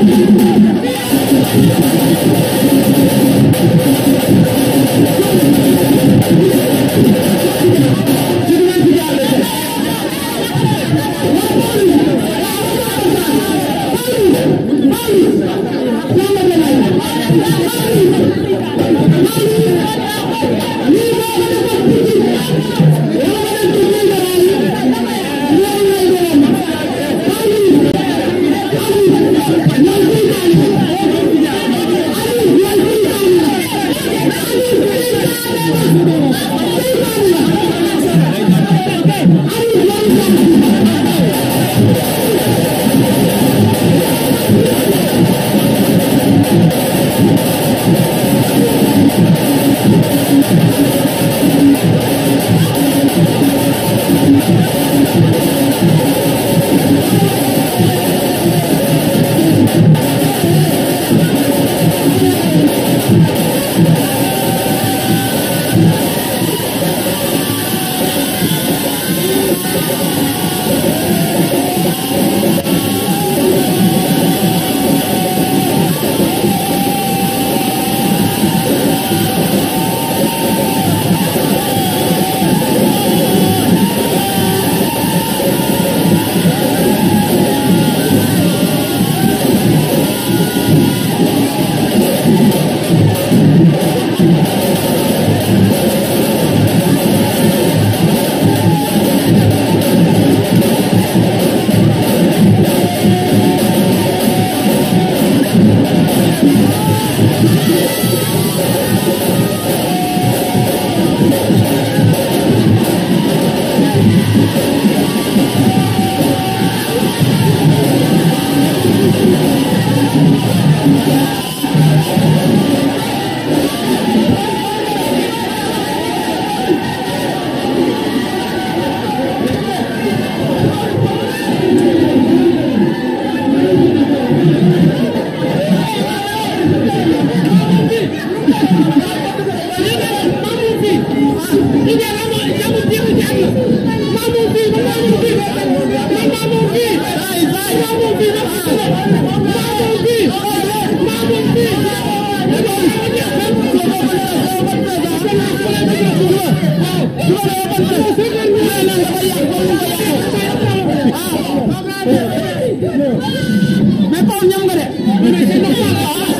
Thank you. mais Paw ñam nga de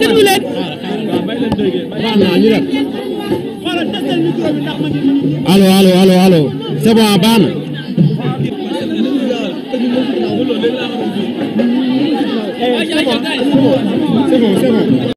waaw déglu leen. allo allo allo allo c'est bon baax na. c'est bon c'est bon.